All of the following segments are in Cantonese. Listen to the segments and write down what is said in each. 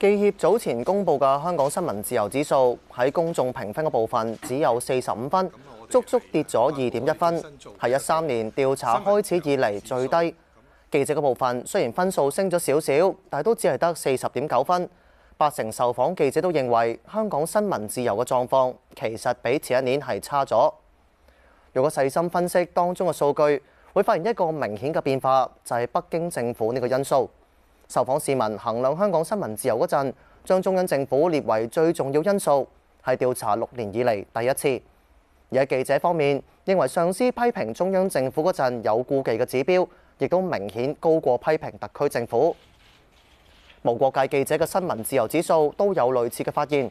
記協早前公布嘅香港新聞自由指數喺公眾評分嘅部分只有四十五分，足足跌咗二點一分，係一三年調查開始以嚟最低。記者嘅部分雖然分數升咗少少，但係都只係得四十點九分。八成受訪記者都認為香港新聞自由嘅狀況其實比前一年係差咗。如果細心分析當中嘅數據，會發現一個明顯嘅變化，就係北京政府呢個因素。受訪市民衡量香港新聞自由嗰陣，將中央政府列為最重要因素，係調查六年以嚟第一次。而喺記者方面，認為上司批評中央政府嗰陣有顧忌嘅指標，亦都明顯高過批評特區政府。無國界記者嘅新聞自由指數都有類似嘅發現。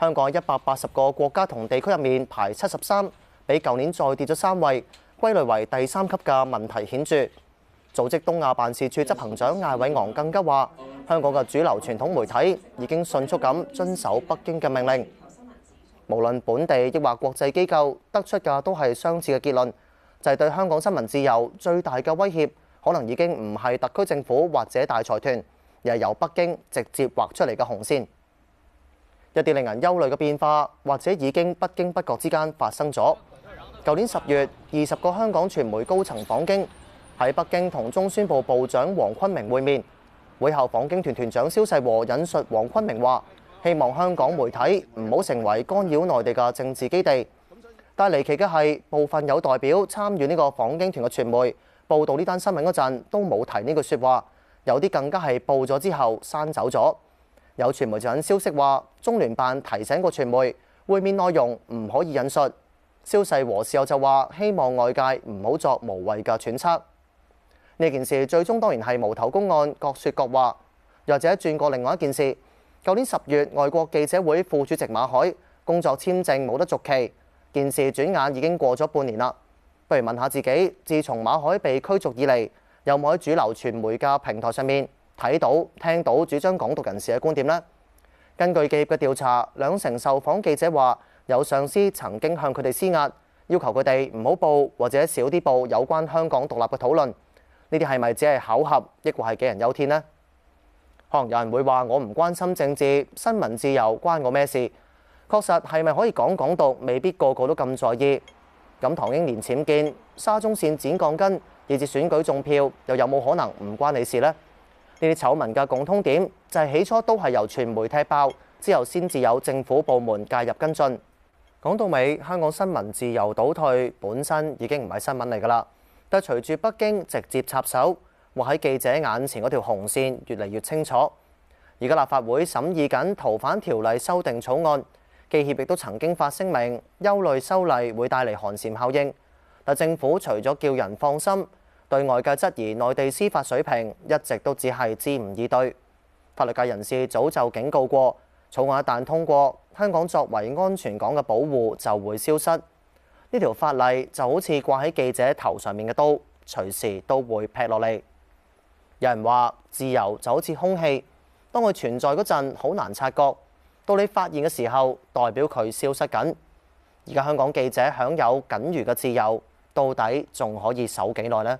香港喺一百八十個國家同地區入面排七十三，比舊年再跌咗三位，歸類為第三級嘅問題顯著。組織東亞辦事處執行長艾偉昂更加話：香港嘅主流傳統媒體已經迅速咁遵守北京嘅命令。無論本地亦或國際機構得出嘅都係相似嘅結論，就係對香港新聞自由最大嘅威脅，可能已經唔係特區政府或者大財團，而係由北京直接畫出嚟嘅紅線。一啲令人憂慮嘅變化，或者已經不經不覺之間發生咗。舊年十月，二十個香港傳媒高層訪京。喺北京同中宣部部長黃坤明會面，會後訪京團團長蕭世和引述黃坤明話：希望香港媒體唔好成為干擾內地嘅政治基地。但離奇嘅係部分有代表參與呢個訪京團嘅傳媒報導呢單新聞嗰陣都冇提呢句説話，有啲更加係報咗之後刪走咗。有傳媒就引消息話中聯辦提醒過傳媒會面內容唔可以引述。蕭世和事後就話希望外界唔好作無謂嘅揣測。呢件事最終當然係無頭公案，各說各話。又或者轉過另外一件事，舊年十月，外國記者會副主席馬凱工作簽證冇得續期，件事轉眼已經過咗半年啦。不如問下自己，自從馬凱被驅逐以嚟，有冇喺主流傳媒嘅平台上面睇到、聽到主張港獨人士嘅觀點呢？根據記協嘅調查，兩成受訪記者話，有上司曾經向佢哋施壓，要求佢哋唔好報或者少啲報有關香港獨立嘅討論。呢啲係咪只係巧合，抑或係杞人憂天呢？可能有人會話：我唔關心政治，新聞自由關我咩事？確實係咪可以講講到，未必個個都咁在意。咁唐英年僭建，沙中線剪鋼筋，以至選舉中票，又有冇可能唔關你事呢？呢啲醜聞嘅共通點就係起初都係由傳媒踢爆，之後先至有政府部門介入跟進。講到尾，香港新聞自由倒退，本身已經唔係新聞嚟㗎啦。但係隨住北京直接插手，畫喺記者眼前嗰條紅線越嚟越清楚。而家立法會審議緊逃犯條例修訂草案，記協亦都曾經發聲明，憂慮修例會帶嚟寒蟬效應。但政府除咗叫人放心，對外界質疑內地司法水平，一直都只係支吾以對。法律界人士早就警告過，草案一旦通過，香港作為安全港嘅保護就會消失。呢條法例就好似掛喺記者頭上面嘅刀，隨時都會劈落嚟。有人話自由就好似空氣，當佢存在嗰陣好難察覺，到你發現嘅時候，代表佢消失緊。而家香港記者享有僅餘嘅自由，到底仲可以守幾耐呢？